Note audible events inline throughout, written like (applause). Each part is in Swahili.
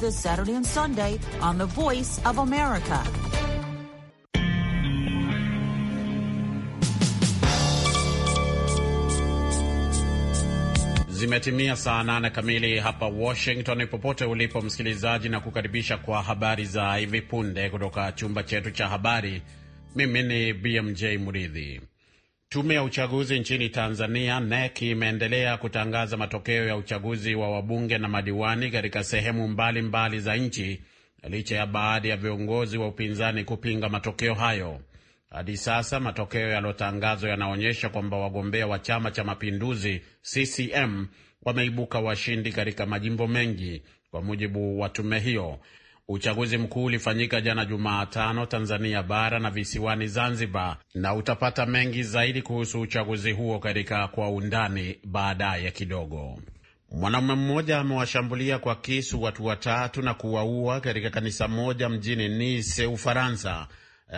this Saturday and Sunday on The Voice of America. Zimetimia saa nane kamili hapa Washington. Popote ulipo msikilizaji, na kukaribisha kwa habari za hivi punde kutoka chumba chetu cha habari. Mimi ni BMJ Muridhi. Tume ya uchaguzi nchini Tanzania, NEC, imeendelea kutangaza matokeo ya uchaguzi wa wabunge na madiwani katika sehemu mbalimbali mbali za nchi licha ya baadhi ya viongozi wa upinzani kupinga matokeo hayo. Hadi sasa matokeo yaliyotangazwa yanaonyesha kwamba wagombea wa Chama cha Mapinduzi CCM wameibuka washindi katika majimbo mengi, kwa mujibu wa tume hiyo. Uchaguzi mkuu ulifanyika jana Jumatano Tanzania bara na visiwani Zanzibar, na utapata mengi zaidi kuhusu uchaguzi huo katika kwa undani baadaye kidogo. Mwanaume mmoja amewashambulia kwa kisu watu watatu na kuwaua katika kanisa moja mjini Nice, Ufaransa,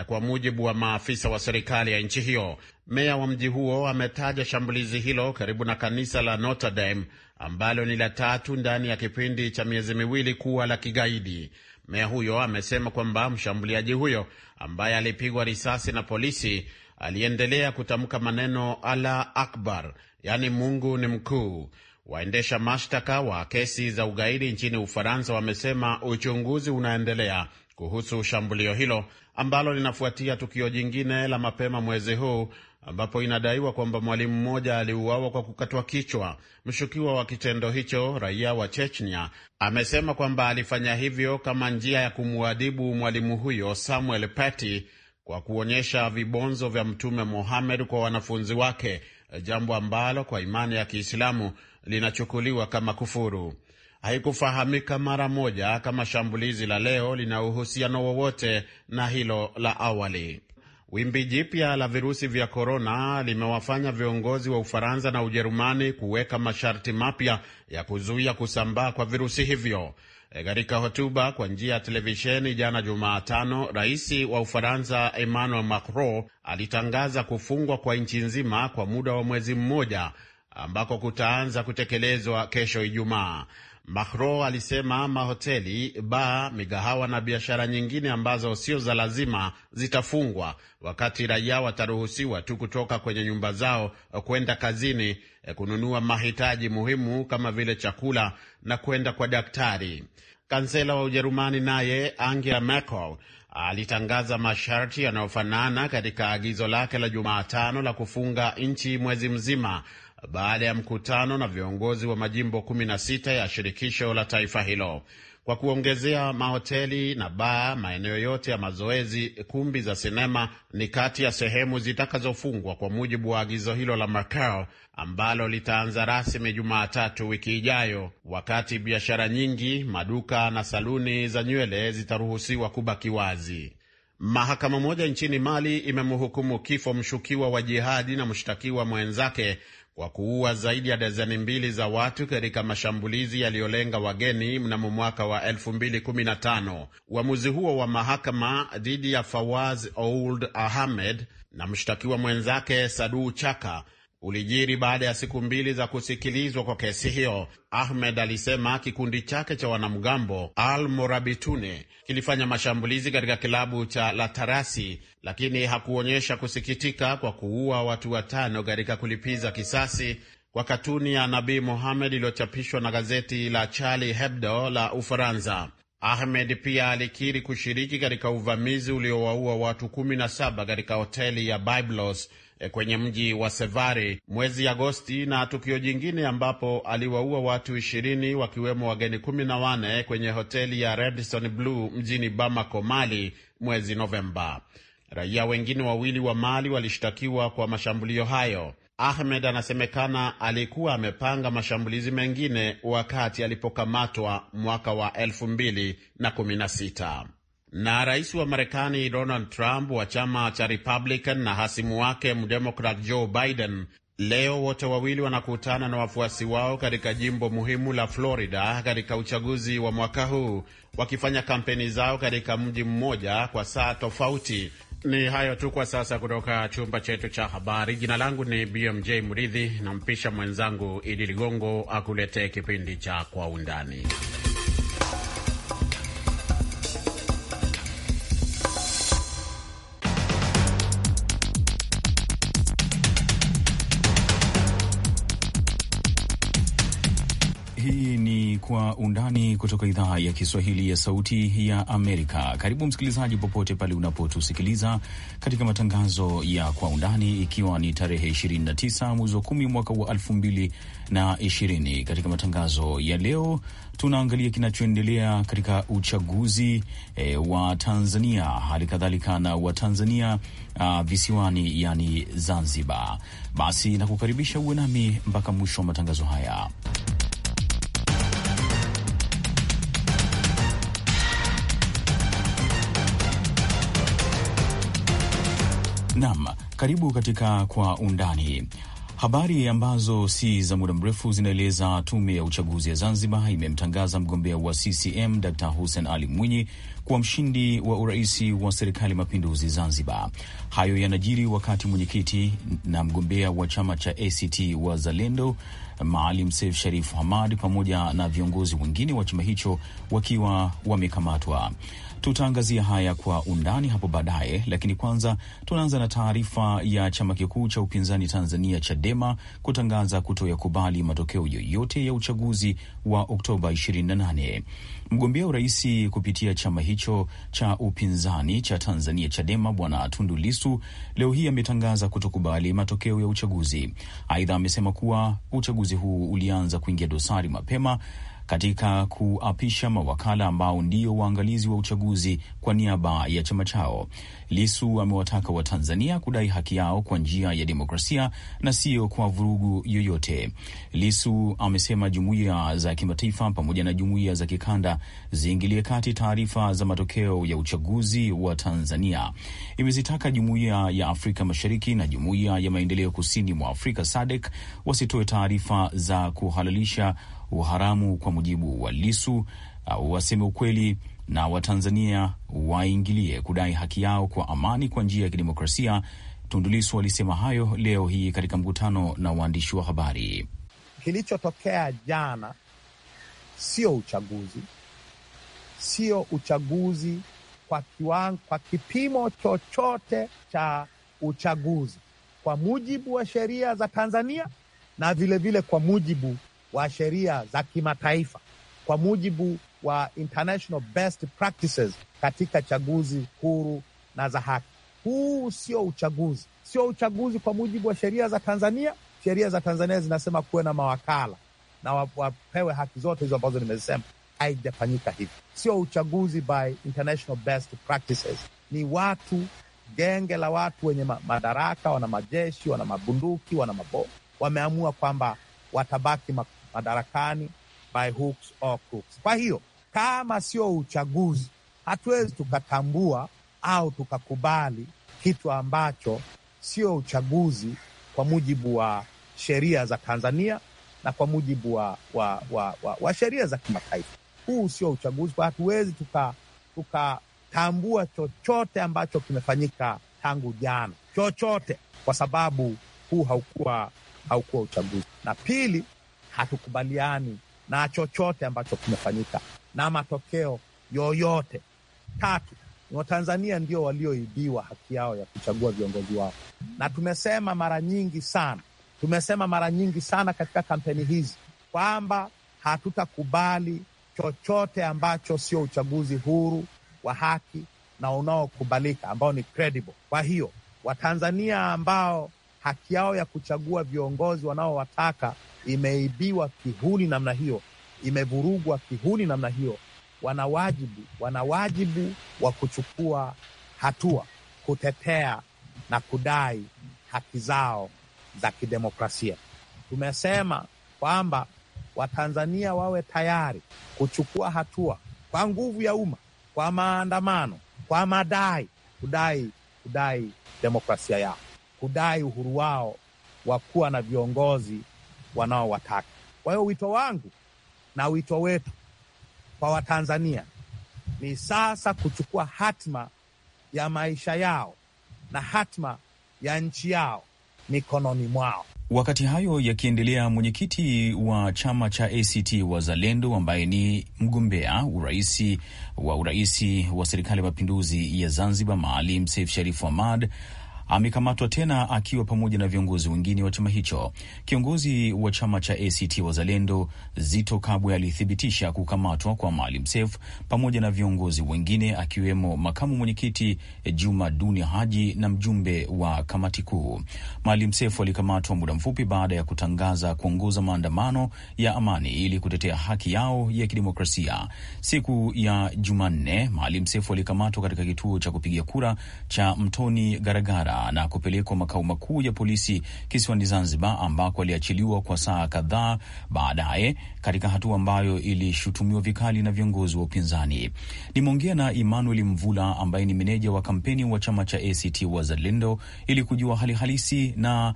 kwa mujibu wa maafisa wa serikali ya nchi hiyo. Meya wa mji huo ametaja shambulizi hilo karibu na kanisa la Notre Dame ambalo ni la tatu ndani ya kipindi cha miezi miwili kuwa la kigaidi. Meya huyo amesema kwamba mshambuliaji huyo ambaye alipigwa risasi na polisi aliendelea kutamka maneno ala Akbar, yaani Mungu ni mkuu. Waendesha mashtaka wa kesi za ugaidi nchini Ufaransa wamesema uchunguzi unaendelea kuhusu shambulio hilo ambalo linafuatia tukio jingine la mapema mwezi huu ambapo inadaiwa kwamba mwalimu mmoja aliuawa kwa kukatwa kichwa. Mshukiwa wa kitendo hicho, raia wa Chechnya, amesema kwamba alifanya hivyo kama njia ya kumwadhibu mwalimu huyo Samuel Paty kwa kuonyesha vibonzo vya Mtume Mohamed kwa wanafunzi wake, jambo ambalo kwa imani ya Kiislamu linachukuliwa kama kufuru. Haikufahamika mara moja kama shambulizi la leo lina uhusiano wowote na hilo la awali. Wimbi jipya la virusi vya korona limewafanya viongozi wa Ufaransa na Ujerumani kuweka masharti mapya ya kuzuia kusambaa kwa virusi hivyo. E, katika hotuba kwa njia ya televisheni jana Jumatano, rais wa Ufaransa Emmanuel Macron alitangaza kufungwa kwa nchi nzima kwa muda wa mwezi mmoja ambako kutaanza kutekelezwa kesho Ijumaa. Mahro alisema mahoteli, baa, migahawa na biashara nyingine ambazo sio za lazima zitafungwa, wakati raia wataruhusiwa tu kutoka kwenye nyumba zao eh, kwenda kazini, eh, kununua mahitaji muhimu kama vile chakula na kwenda kwa daktari. Kansela wa Ujerumani naye Angela Merkel alitangaza masharti yanayofanana katika agizo lake la Jumatano la kufunga nchi mwezi mzima baada ya mkutano na viongozi wa majimbo 16 ya shirikisho la taifa hilo, kwa kuongezea mahoteli na baa, maeneo yote ya mazoezi, kumbi za sinema ni kati ya sehemu zitakazofungwa kwa mujibu wa agizo hilo la macao ambalo litaanza rasmi Jumatatu wiki ijayo, wakati biashara nyingi, maduka na saluni za nywele zitaruhusiwa kubaki wazi. Mahakama moja nchini Mali imemhukumu kifo mshukiwa wa jihadi na mshtakiwa mwenzake kwa kuua zaidi ya dazeni mbili za watu katika mashambulizi yaliyolenga wageni mnamo mwaka wa 2015. Uamuzi huo wa mahakama dhidi ya Fawaz Ould Ahmed na mshtakiwa mwenzake saduu Chaka ulijiri baada ya siku mbili za kusikilizwa kwa kesi hiyo. Ahmed alisema kikundi chake cha wanamgambo Al Morabitune kilifanya mashambulizi katika kilabu cha Latarasi, lakini hakuonyesha kusikitika kwa kuua watu watano katika kulipiza kisasi kwa katuni ya Nabii Mohamed iliyochapishwa na gazeti la Charlie Hebdo la Ufaransa. Ahmed pia alikiri kushiriki katika uvamizi uliowaua watu 17 katika hoteli ya Byblos Eh, kwenye mji wa Sevari mwezi Agosti, na tukio jingine ambapo aliwaua watu ishirini wakiwemo wageni kumi na wane kwenye hoteli ya Radisson Blue mjini Bamako, Mali mwezi Novemba. Raia wengine wawili wa Mali walishtakiwa kwa mashambulio hayo. Ahmed anasemekana alikuwa amepanga mashambulizi mengine wakati alipokamatwa mwaka wa 216 na rais wa Marekani Donald Trump wa chama cha Republican na hasimu wake mdemokrat Joe Biden leo wote wawili wanakutana na wafuasi wao katika jimbo muhimu la Florida katika uchaguzi wa mwaka huu, wakifanya kampeni zao katika mji mmoja kwa saa tofauti. Ni hayo tu kwa sasa kutoka chumba chetu cha habari. Jina langu ni BMJ Mridhi, nampisha mwenzangu Idi Ligongo akuletee kipindi cha Kwa Undani. Undani kutoka idhaa ya Kiswahili ya Sauti ya Amerika. Karibu msikilizaji, popote pale unapotusikiliza katika matangazo ya Kwa Undani, ikiwa ni tarehe 29 mwezi wa 10 mwaka wa 2020. Katika matangazo ya leo tunaangalia kinachoendelea katika uchaguzi e, wa Tanzania, hali kadhalika na Watanzania visiwani, yani Zanzibar. Basi nakukaribisha uwe nami mpaka mwisho wa matangazo haya. Naam, karibu katika Kwa Undani. Habari ambazo si za muda mrefu zinaeleza tume ya uchaguzi ya Zanzibar imemtangaza mgombea wa CCM Dr Hussein Ali Mwinyi kuwa mshindi wa urais wa serikali mapinduzi Zanzibar. Hayo yanajiri wakati mwenyekiti na mgombea wa chama cha ACT wa Zalendo Maalim Seif Sharif Hamad pamoja na viongozi wengine wa chama hicho wakiwa wamekamatwa. Tutaangazia haya kwa undani hapo baadaye, lakini kwanza tunaanza na taarifa ya chama kikuu cha upinzani Tanzania, Chadema, kutangaza kutoyakubali matokeo yoyote ya uchaguzi wa Oktoba 28. Mgombea urais kupitia chama hicho cha upinzani cha Tanzania, Chadema, Bwana Tundu Lisu leo hii ametangaza kutokubali matokeo ya uchaguzi. Aidha amesema kuwa uchaguzi huu ulianza kuingia dosari mapema katika kuapisha mawakala ambao ndio waangalizi wa uchaguzi kwa niaba ya chama chao. Lisu amewataka Watanzania kudai haki yao kwa njia ya demokrasia na siyo kwa vurugu yoyote. Lisu amesema jumuiya za kimataifa pamoja na jumuiya za kikanda ziingilie kati taarifa za matokeo ya uchaguzi wa Tanzania. Imezitaka jumuiya ya Afrika Mashariki na jumuiya ya maendeleo kusini mwa Afrika SADC wasitoe taarifa za kuhalalisha uharamu, kwa mujibu wa Lisu. au waseme ukweli na Watanzania waingilie kudai haki yao kwa amani kwa njia ya kidemokrasia. tundulisu alisema hayo leo hii katika mkutano na waandishi wa habari. Kilichotokea jana sio uchaguzi, sio uchaguzi kwa kiwango, kwa kipimo chochote cha uchaguzi, kwa mujibu wa sheria za Tanzania na vilevile vile kwa mujibu wa sheria za kimataifa kwa mujibu wa international best practices katika chaguzi huru na za haki. Huu sio uchaguzi, sio uchaguzi kwa mujibu wa sheria za Tanzania. Sheria za Tanzania zinasema kuwe na mawakala na wapewe haki zote hizo ambazo nimezisema. Haijafanyika hivi, sio uchaguzi by international best practices. Ni watu, genge la watu wenye madaraka, wana majeshi, wana mabunduki, wana mabomu, wameamua kwamba watabaki madarakani by hooks or crooks. Kwa hiyo kama sio uchaguzi, hatuwezi tukatambua au tukakubali kitu ambacho sio uchaguzi kwa mujibu wa sheria za Tanzania na kwa mujibu wa, wa, wa, wa, wa sheria za kimataifa. Huu sio uchaguzi, kwa hatuwezi tukatambua tuka chochote ambacho kimefanyika tangu jana chochote, kwa sababu huu haukuwa haukuwa uchaguzi. Na pili, hatukubaliani na chochote ambacho kimefanyika na matokeo yoyote. Tatu, ni Watanzania ndio walioibiwa haki yao ya kuchagua viongozi wao, na tumesema mara nyingi sana, tumesema mara nyingi sana katika kampeni hizi kwamba hatutakubali chochote ambacho sio uchaguzi huru wa haki na unaokubalika ambao ni credible. Kwa hiyo Watanzania ambao haki yao ya kuchagua viongozi wanaowataka imeibiwa kihuni namna hiyo, imevurugwa kihuni namna hiyo, wana wajibu, wana wajibu wa kuchukua hatua kutetea na kudai haki zao za kidemokrasia. Tumesema kwamba Watanzania wawe tayari kuchukua hatua kwa nguvu ya umma, kwa maandamano, kwa madai, kudai kudai demokrasia yao kudai uhuru wao wa kuwa na viongozi wanaowataka. Kwa hiyo wito wangu na wito wetu kwa Watanzania ni sasa kuchukua hatima ya maisha yao na hatima ya nchi yao mikononi mwao. Wakati hayo yakiendelea, mwenyekiti wa chama cha ACT Wazalendo ambaye ni mgombea uraisi wa uraisi wa serikali ya mapinduzi ya Zanzibar, Maalim Seif Sharif Hamad amekamatwa tena akiwa pamoja na viongozi wengine wa chama hicho. Kiongozi wa chama cha ACT Wazalendo Zito Kabwe alithibitisha kukamatwa kwa Maalim Seif pamoja na viongozi wengine akiwemo makamu mwenyekiti eh, Juma Duni Haji na mjumbe wa kamati kuu. Maalim Seif alikamatwa muda mfupi baada ya kutangaza kuongoza maandamano ya amani ili kutetea haki yao ya kidemokrasia. Siku ya Jumanne, Maalim Seif alikamatwa katika kituo cha kupiga kura cha Mtoni Garagara na kupelekwa makao makuu ya polisi kisiwani Zanzibar, ambako aliachiliwa kwa saa kadhaa baadaye, katika hatua ambayo ilishutumiwa vikali na viongozi wa upinzani. Nimeongea na Emmanuel Mvula ambaye ni meneja wa kampeni wa chama cha ACT Wazalendo ili kujua hali halisi, na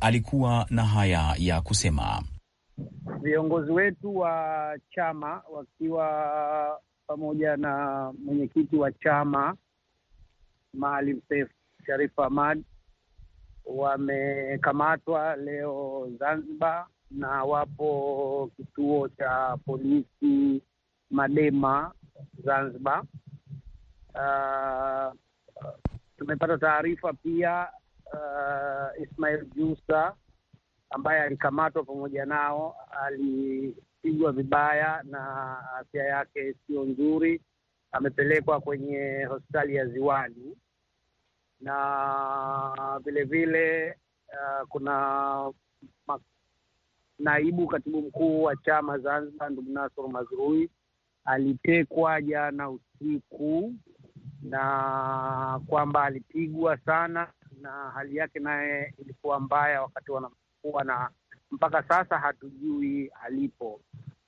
alikuwa na haya ya kusema. Viongozi wetu wa chama wakiwa pamoja na mwenyekiti wa chama Maalim Seif Sharifu Ahmad wamekamatwa leo Zanzibar na wapo kituo cha polisi Madema Zanzibar. Uh, tumepata taarifa pia uh, Ismail Jusa ambaye alikamatwa pamoja nao alipigwa vibaya na afya yake siyo nzuri, amepelekwa kwenye hospitali ya Ziwani na vilevile uh, kuna naibu katibu mkuu wa chama Zanzibar ndugu Nasor Mazrui alitekwa jana usiku, na kwamba alipigwa sana na hali yake naye ilikuwa mbaya wakati wanamchukua, na mpaka sasa hatujui alipo.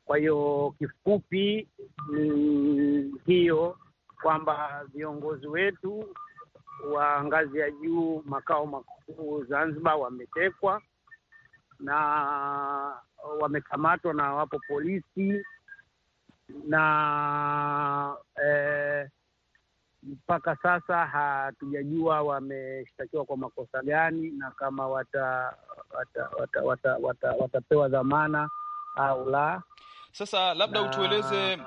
Kwa hiyo kifupi ni hiyo kwamba viongozi wetu wa ngazi ya juu makao makuu Zanzibar wametekwa na wamekamatwa na wapo polisi na eh, mpaka sasa hatujajua wameshtakiwa kwa makosa gani na kama watapewa wata, wata, wata, wata, wata dhamana au la. Sasa labda na, utueleze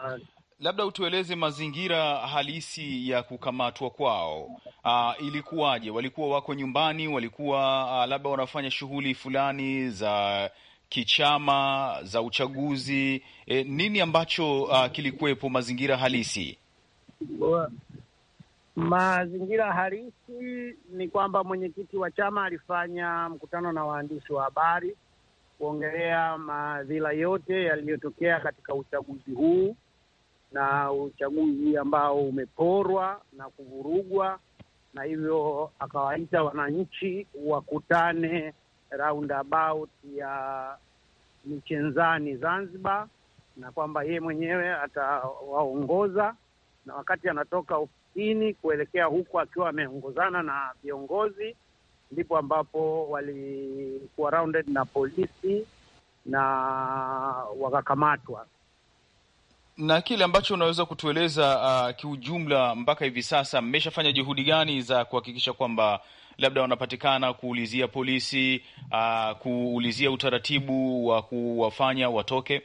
labda utueleze mazingira halisi ya kukamatwa kwao. Uh, ilikuwaje? Walikuwa wako nyumbani, walikuwa uh, labda wanafanya shughuli fulani za kichama za uchaguzi. E, nini ambacho uh, kilikuwepo mazingira halisi? Mazingira halisi ni kwamba mwenyekiti wa chama alifanya mkutano na waandishi wa habari kuongelea madhila yote yaliyotokea katika uchaguzi huu na uchaguzi ambao umeporwa na kuvurugwa, na hivyo akawaita wananchi wakutane roundabout ya Michenzani Zanzibar, na kwamba yeye mwenyewe atawaongoza na wakati anatoka ofisini kuelekea huko akiwa ameongozana na viongozi, ndipo ambapo walikuwa rounded na polisi na wakakamatwa na kile ambacho unaweza kutueleza uh, kiujumla mpaka hivi sasa, mmeshafanya juhudi gani za kuhakikisha kwamba labda wanapatikana kuulizia polisi uh, kuulizia utaratibu wa kuwafanya watoke?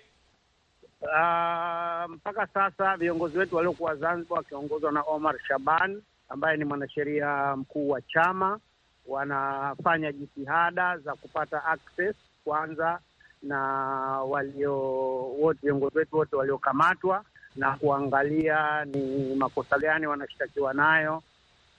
Uh, mpaka sasa viongozi wetu waliokuwa Zanzibar wakiongozwa na Omar Shaban ambaye ni mwanasheria mkuu wa chama wanafanya jitihada za kupata access kwanza na walio wote viongozi wetu wote waliokamatwa na kuangalia ni makosa gani wanashtakiwa nayo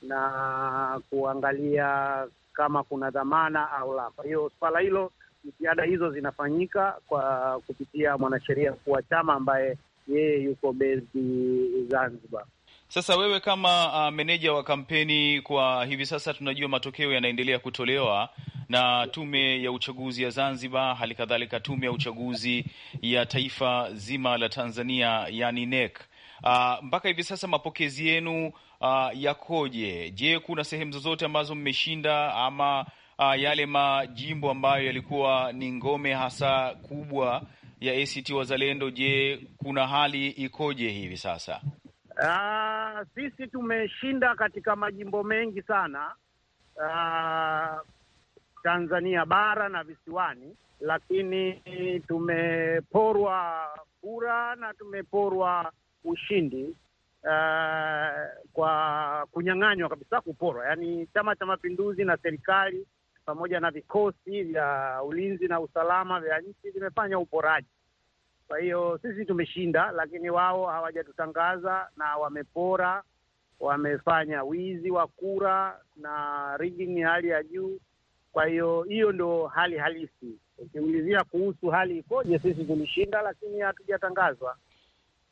na kuangalia kama kuna dhamana au la. Kwa hiyo swala hilo, jitihada hizo zinafanyika kwa kupitia mwanasheria mkuu wa chama ambaye yeye yuko bezi Zanzibar. Sasa wewe kama uh, meneja wa kampeni kwa hivi sasa, tunajua matokeo yanaendelea kutolewa na tume ya uchaguzi ya Zanzibar, hali kadhalika tume ya uchaguzi ya taifa zima la Tanzania, yani NEC. Uh, mpaka hivi sasa mapokezi yenu uh, yakoje? Je, kuna sehemu zozote ambazo mmeshinda ama uh, yale majimbo ambayo yalikuwa ni ngome hasa kubwa ya ACT Wazalendo, je, kuna hali ikoje hivi sasa? Uh, sisi tumeshinda katika majimbo mengi sana uh, Tanzania bara na visiwani, lakini tumeporwa kura na tumeporwa ushindi uh, kwa kunyang'anywa kabisa, kuporwa. Yaani Chama cha Mapinduzi na serikali pamoja na vikosi vya ulinzi na usalama vya nchi vimefanya uporaji kwa hiyo sisi tumeshinda, lakini wao hawajatutangaza na wamepora, wamefanya wizi wa kura na rigging ni hali ya juu. Kwa hiyo hiyo ndo hali halisi. Ukiulizia kuhusu hali ikoje, sisi tulishinda, lakini hatujatangazwa.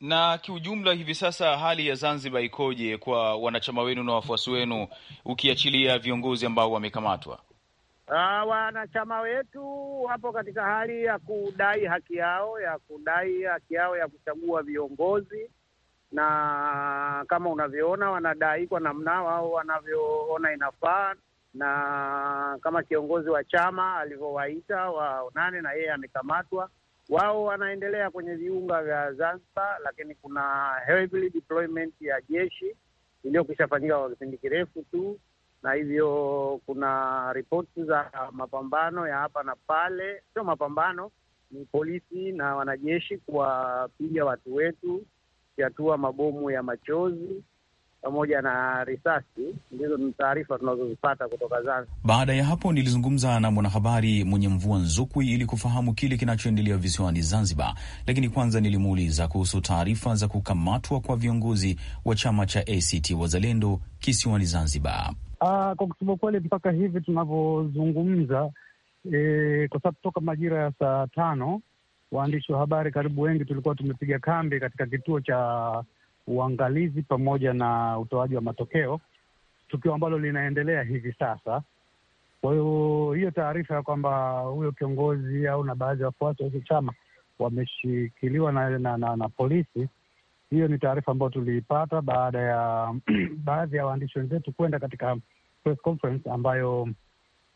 Na kiujumla, hivi sasa hali ya Zanzibar ikoje kwa wanachama wenu na wafuasi wenu, ukiachilia viongozi ambao wamekamatwa? Uh, wanachama wetu wapo katika hali ya kudai haki yao ya kudai haki yao ya kuchagua viongozi, na kama unavyoona wanadai kwa namna wao wanavyoona inafaa, na kama kiongozi wa chama alivyowaita waonane na yeye amekamatwa. Wao wanaendelea kwenye viunga vya Zanzibar, lakini kuna deployment ya jeshi iliyokwisha fanyika kwa kipindi kirefu tu na hivyo kuna ripoti za mapambano ya hapa na pale, sio mapambano, ni polisi na wanajeshi kuwapiga watu wetu, kiatua mabomu ya machozi pamoja na risasi. Ndizo ni taarifa tunazozipata kutoka Zanzibar. Baada ya hapo, nilizungumza na mwanahabari mwenye mvua Nzukwi ili kufahamu kile kinachoendelea visiwani Zanzibar, lakini kwanza nilimuuliza kuhusu taarifa za kukamatwa kwa viongozi wa chama cha ACT Wazalendo kisiwani Zanzibar. Aa, ah, kwa kusema kweli mpaka hivi tunavyozungumza e, kwa sababu toka majira ya saa tano waandishi wa habari karibu wengi tulikuwa tumepiga kambi katika kituo cha uangalizi pamoja na utoaji wa matokeo, tukio ambalo linaendelea hivi sasa. Kwa hiyo hiyo taarifa ya kwamba huyo kiongozi au na baadhi ya wafuasi wa hicho chama wameshikiliwa na, na, na, na polisi, hiyo ni taarifa ambayo tuliipata baada ya (clears throat) baadhi ya waandishi wenzetu kwenda katika press conference ambayo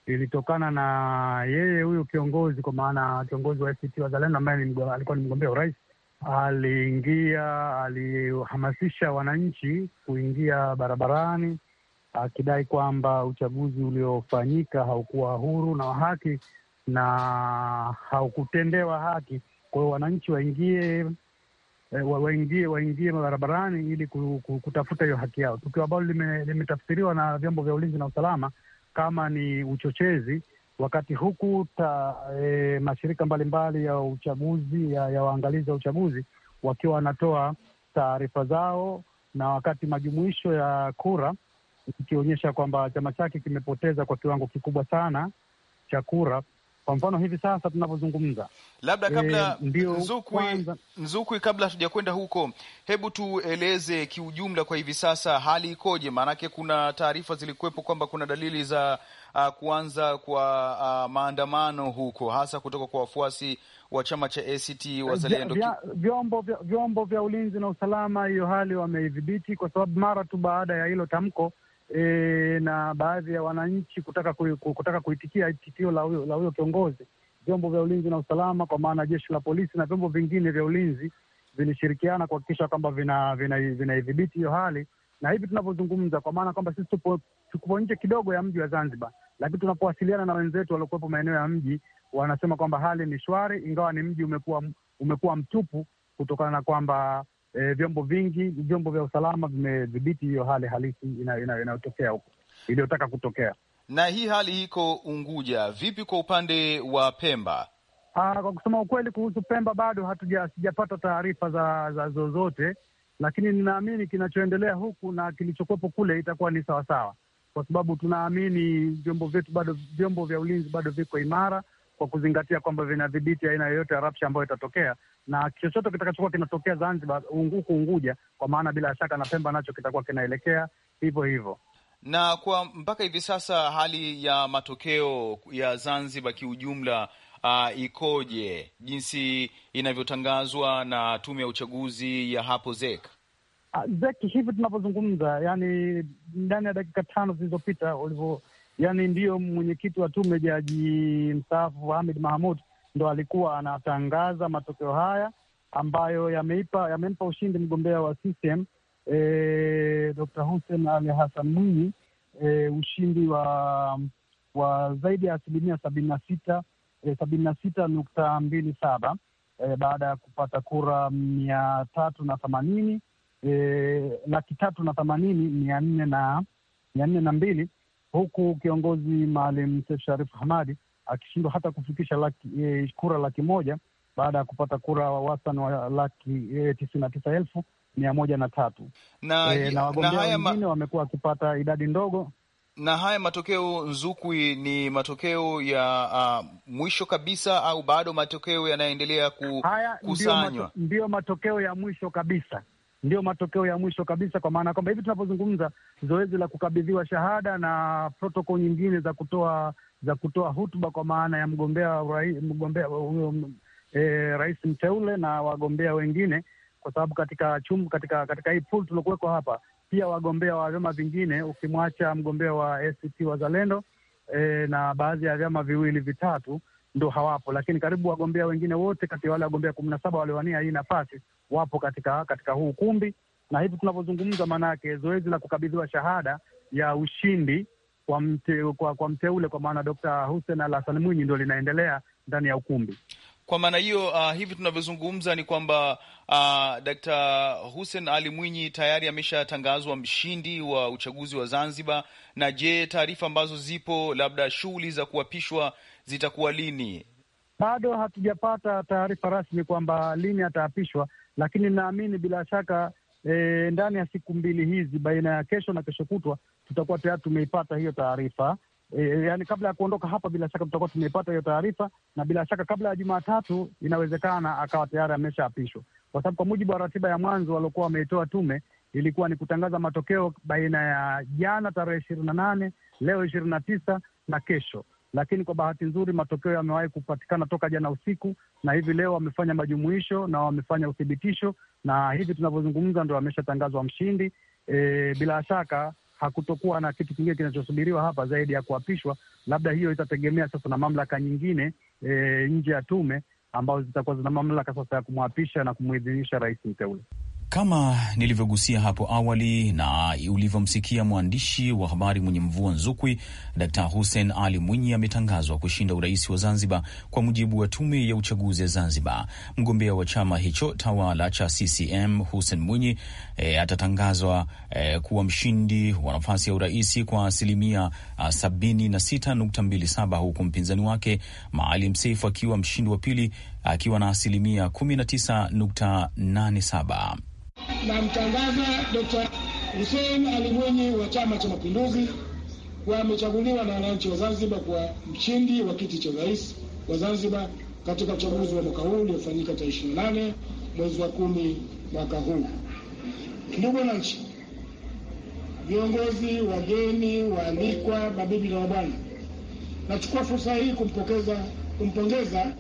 ilitokana na yeye huyu kiongozi, kwa maana kiongozi wa ACT Wazalendo ambaye alikuwa ni mgombea urais, aliingia alihamasisha wananchi kuingia barabarani akidai kwamba uchaguzi uliofanyika haukuwa huru na wa haki na haukutendewa haki. Kwa hiyo wananchi waingie Eh, waingie waingie barabarani ili kutafuta hiyo haki yao, tukio ambalo limetafsiriwa lime na vyombo vya ulinzi na usalama kama ni uchochezi, wakati huku ta, e, mashirika mbalimbali mbali ya uchaguzi ya, ya waangalizi wa uchaguzi wakiwa wanatoa taarifa zao, na wakati majumuisho ya kura ikionyesha kwamba chama chake kimepoteza kwa kiwango kikubwa sana cha kura kwa mfano hivi sasa tunavyozungumza, labda kabla e, ndio Nzukwi, Nzukwi, kabla hatujakwenda huko, hebu tueleze kiujumla kwa hivi sasa hali ikoje? Maanake kuna taarifa zilikuwepo kwamba kuna dalili za uh, kuanza kwa uh, maandamano huko, hasa kutoka kwa wafuasi wa chama cha ACT eh, Wazalendo. Vyombo vya, vya, vya ulinzi na usalama hiyo hali wameidhibiti, kwa sababu mara tu baada ya hilo tamko e, na baadhi ya wananchi kutaka kui, kutaka kuitikia tikio la huyo kiongozi. Vyombo vya ulinzi na usalama kwa maana jeshi la polisi na vyombo vingine vya ulinzi vilishirikiana kuhakikisha kwamba vinaidhibiti vina, vina hiyo hali, na hivi tunavyozungumza, kwa maana kwamba sisi tupo, nje kidogo ya mji wa Zanzibar, lakini tunapowasiliana na wenzetu waliokuwepo maeneo ya mji wanasema kwamba hali ni shwari, ingawa ni mji umekuwa umekuwa mtupu kutokana na kwamba e, vyombo vingi, vyombo vya usalama vimedhibiti hiyo hali halisi inayotokea huko, iliyotaka kutokea. Na hii hali iko Unguja vipi kwa upande wa Pemba? Aa, ah, kwa kusema ukweli kuhusu Pemba bado hatuja sijapata taarifa za, za zozote, lakini ninaamini kinachoendelea huku na kilichokuwepo kule itakuwa ni sawasawa, kwa sababu tunaamini vyombo vyetu bado, vyombo vya ulinzi bado viko imara kwa kuzingatia kwamba vinadhibiti aina yoyote ya rabsha ambayo itatokea na chochote kitakachokuwa kinatokea Zanzibar huku Unguja, kwa maana bila shaka na Pemba nacho kitakuwa kinaelekea hivyo hivyo. Na kwa mpaka hivi sasa hali ya matokeo ya Zanzibar kiujumla Uh, ikoje jinsi inavyotangazwa na tume ya uchaguzi ya hapo ZEK? Uh, ZEK hivi tunavyozungumza, yani ndani ya dakika tano zilizopita ulivyo yani ndiyo mwenyekiti wa tume Jaji mstaafu Hamid Mahmud ndo alikuwa anatangaza matokeo haya ambayo yameipa yamempa ushindi mgombea wa CCM e, Dr. Hussein Ali Hassan Mwinyi e, ushindi wa wa zaidi ya asilimia sabini na sita e, sabini na sita nukta mbili saba e, baada ya kupata kura mia tatu na themanini e, laki tatu na themanini mia nne na mia nne na mbili huku kiongozi Maalim Seif Sharif Hamadi akishindwa hata kufikisha laki, e, kura laki moja baada ya kupata kura wa wastani wa laki e, tisini na tisa elfu mia moja na tatu na, e, na wagombea wengine wamekuwa wakipata idadi ndogo na haya matokeo Nzukwi, ni matokeo ya uh, mwisho kabisa au bado matokeo yanaendelea kusanywa Haya ndiyo matokeo ya mwisho kabisa ndio matokeo ya mwisho kabisa, kwa maana ya kwamba hivi tunavyozungumza zoezi la kukabidhiwa shahada na protokol nyingine za kutoa za kutoa hutuba kwa maana ya mgombea mgombea e, rais mteule na wagombea wengine, kwa sababu katika chum, katika katika hii pool tuliokuwekwa hapa pia wagombea wa vyama vingine, ukimwacha mgombea wa ACT Wazalendo e, na baadhi ya vyama viwili vitatu ndo hawapo, lakini karibu wagombea wengine wote kati ya wale wagombea kumi na saba waliowania hii nafasi wapo katika katika huu ukumbi, na hivi tunavyozungumza, maanake zoezi la kukabidhiwa shahada ya ushindi kwa, mte, kwa, kwa mteule kwa maana Dr. Hussein al Hassan Mwinyi ndio linaendelea ndani ya ukumbi. Kwa maana hiyo uh, hivi tunavyozungumza ni kwamba uh, Dr. Hussein Ali Mwinyi tayari ameshatangazwa mshindi wa uchaguzi wa Zanzibar. Na je, taarifa ambazo zipo labda shughuli za kuapishwa zitakuwa lini? Bado hatujapata taarifa rasmi kwamba lini ataapishwa, lakini naamini bila shaka E, ndani ya siku mbili hizi baina ya kesho na kesho kutwa tutakuwa tayari tumeipata hiyo taarifa e, yani kabla ya kuondoka hapa, bila shaka tutakuwa tumeipata hiyo taarifa, na bila shaka kabla ya Jumatatu inawezekana akawa tayari ameshaapishwa, kwa sababu kwa mujibu wa ratiba ya mwanzo waliokuwa wameitoa tume ilikuwa ni kutangaza matokeo baina ya jana tarehe ishirini na nane leo ishirini na tisa na kesho lakini kwa bahati nzuri matokeo yamewahi kupatikana toka jana usiku, na hivi leo wamefanya majumuisho na wamefanya uthibitisho, na hivi tunavyozungumza ndo ameshatangazwa mshindi. E, bila shaka hakutokuwa na kitu kingine kinachosubiriwa hapa zaidi ya kuapishwa. Labda hiyo itategemea sasa na mamlaka nyingine e, nje ya tume ambazo zitakuwa zina mamlaka sasa ya kumwapisha na kumwidhinisha rais mteule. Kama nilivyogusia hapo awali na ulivyomsikia mwandishi wa habari mwenye mvua nzukwi, Dkt Hussein Ali Mwinyi ametangazwa kushinda urais wa Zanzibar kwa mujibu wa tume ya uchaguzi ya Zanzibar. Mgombea wa chama hicho tawala cha CCM Hussein Mwinyi e, atatangazwa e, kuwa mshindi wa nafasi ya urais kwa asilimia 76.27 huku mpinzani wake Maalim Seif akiwa mshindi wa pili akiwa na asilimia 19.87. Namtangaza d Hussein Ali Mwinyi wa Chama cha Mapinduzi kuwa amechaguliwa na wananchi wa Zanzibar kuwa mshindi wa kiti cha urais wa Zanzibar katika uchaguzi wa mwaka huu uliofanyika tarehe 28 mwezi wa kumi mwaka huu. Ndugu wananchi, viongozi, wageni waalikwa, mabibi na mabwana, nachukua fursa hii kumpokeza kumpongeza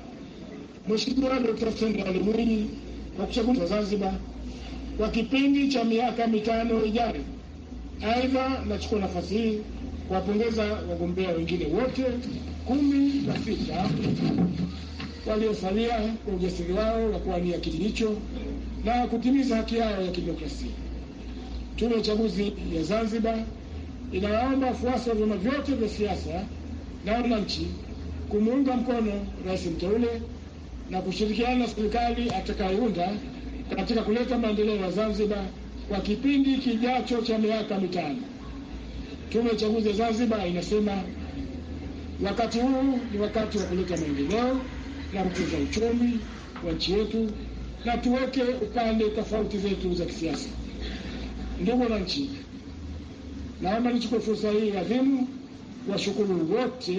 Mheshimiwa Dkt. Hussein Ali Mwinyi kwa kuchaguliwa Zanzibar kwa kipindi cha miaka mitano ijayo. Aidha, nachukua nafasi hii kuwapongeza wagombea wengine wote kumi na sita waliosalia kwa ujasiri wao wa kuwania kiti hicho na kutimiza haki yao ya kidemokrasia. Tume ya Uchaguzi ya Zanzibar inawaomba wafuasi wa vyama vyote vya siasa na wananchi kumuunga mkono rais mteule na kushirikiana na serikali atakayounda katika kuleta maendeleo ya Zanzibar kwa kipindi kijacho cha miaka mitano. Tume ya Uchaguzi ya Zanzibar inasema wakati huu ni wakati wa kuleta maendeleo na kukuza uchumi wa nchi yetu, na tuweke upande tofauti zetu za kisiasa. Ndugu wananchi, naomba nichukue fursa hii adhimu washukuru wote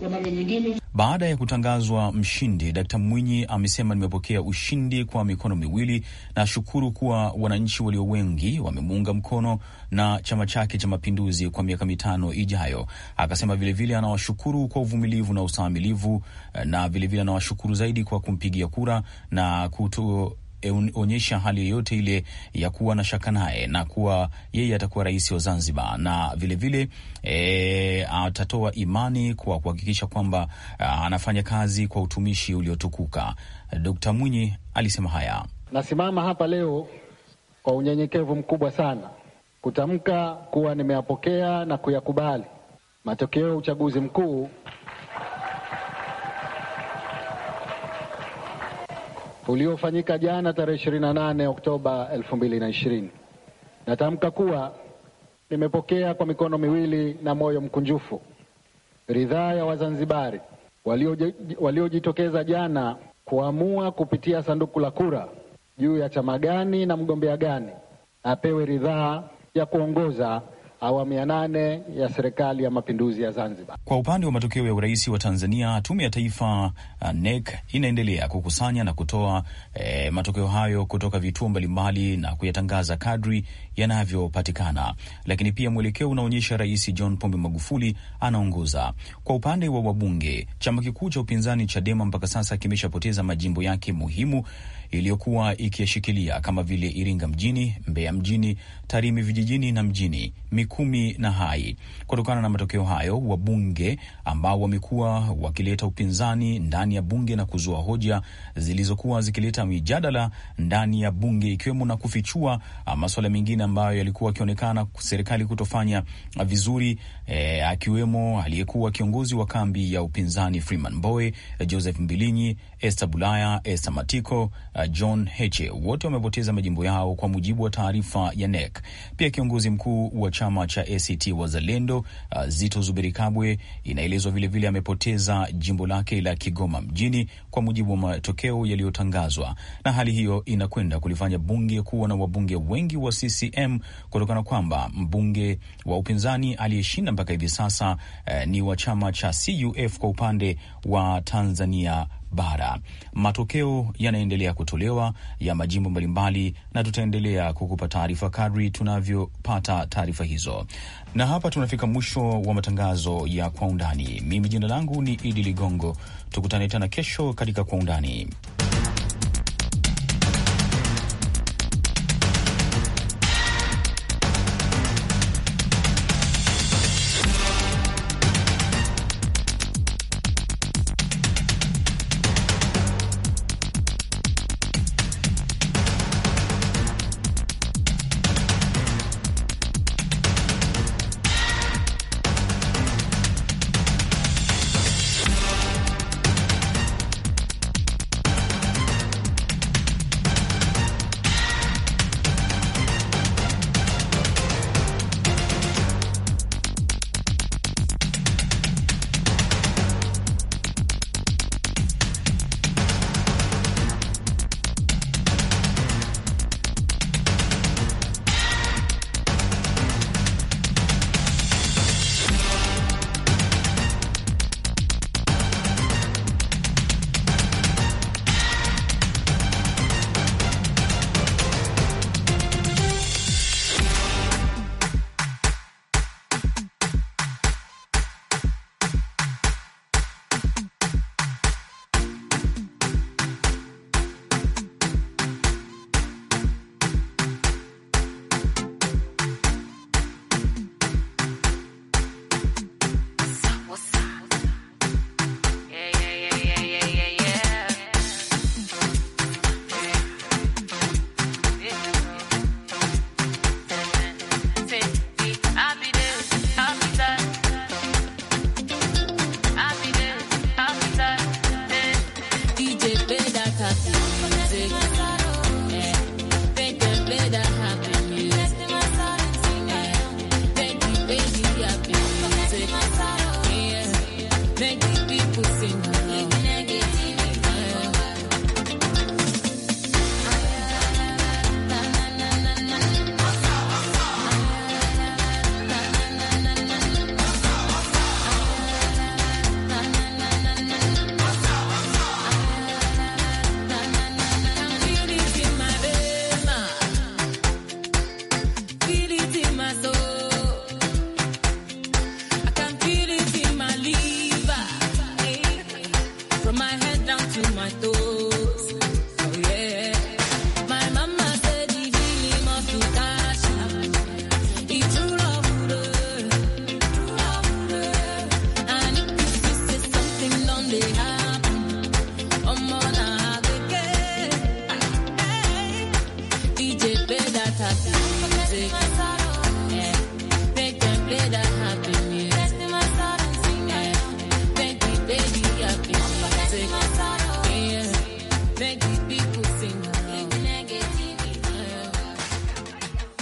kwa mara nyingine baada ya kutangazwa mshindi, Dkt Mwinyi amesema nimepokea ushindi kwa mikono miwili. Nashukuru kuwa wananchi walio wengi wamemuunga mkono na chama chake cha Mapinduzi kwa miaka mitano ijayo. Akasema vilevile anawashukuru kwa uvumilivu na ustahimilivu, na vilevile anawashukuru zaidi kwa kumpigia kura na kuto kuonyesha hali yoyote ile ya kuwa na shaka naye na kuwa yeye atakuwa rais wa Zanzibar na vilevile vile, e, atatoa imani kwa kuhakikisha kwamba anafanya kazi kwa utumishi uliotukuka. Dkt. Mwinyi alisema haya. Nasimama hapa leo kwa unyenyekevu mkubwa sana kutamka kuwa nimeyapokea na kuyakubali matokeo ya uchaguzi mkuu uliofanyika jana tarehe 28 Oktoba 2020. Natamka kuwa nimepokea kwa mikono miwili na moyo mkunjufu ridhaa ya Wazanzibari waliojitokeza jana kuamua kupitia sanduku la kura juu ya chama gani na mgombea gani apewe ridhaa ya kuongoza awamu ya nane ya serikali ya mapinduzi ya Zanzibar. Kwa upande wa matokeo ya urais wa Tanzania, tume ya taifa uh, NEC inaendelea kukusanya na kutoa eh, matokeo hayo kutoka vituo mbalimbali na kuyatangaza kadri yanavyopatikana, lakini pia mwelekeo unaonyesha Rais John Pombe Magufuli anaongoza. Kwa upande wa wabunge, chama kikuu cha upinzani Chadema mpaka sasa kimeshapoteza majimbo yake muhimu iliyokuwa ikiyashikilia kama vile Iringa mjini, Mbeya mjini Tarime vijijini na mjini, Mikumi na Hai. Kutokana na matokeo hayo, wabunge ambao wamekuwa wakileta upinzani ndani ya bunge na kuzua hoja zilizokuwa zikileta mijadala ndani ya bunge, ikiwemo na kufichua ah, masuala mengine ambayo yalikuwa akionekana serikali kutofanya vizuri, e, akiwemo aliyekuwa kiongozi wa kambi ya upinzani Freeman Mbowe, Joseph Mbilinyi, Esther Bulaya, Esther Matiko, ah, John Heche, wote wamepoteza majimbo yao kwa mujibu wa taarifa ya NEC. Pia kiongozi mkuu wa chama cha ACT Wazalendo uh, Zito Zuberi Kabwe inaelezwa vilevile amepoteza jimbo lake la Kigoma mjini kwa mujibu wa matokeo yaliyotangazwa, na hali hiyo inakwenda kulifanya bunge kuwa na wabunge wengi wa CCM kutokana kwamba mbunge wa upinzani aliyeshinda mpaka hivi sasa uh, ni wa chama cha CUF kwa upande wa Tanzania bara. Matokeo yanaendelea kutolewa ya majimbo mbalimbali, na tutaendelea kukupa taarifa kadri tunavyopata taarifa hizo. Na hapa tunafika mwisho wa matangazo ya Kwa Undani. Mimi jina langu ni Idi Ligongo, tukutane tena kesho katika Kwa Undani.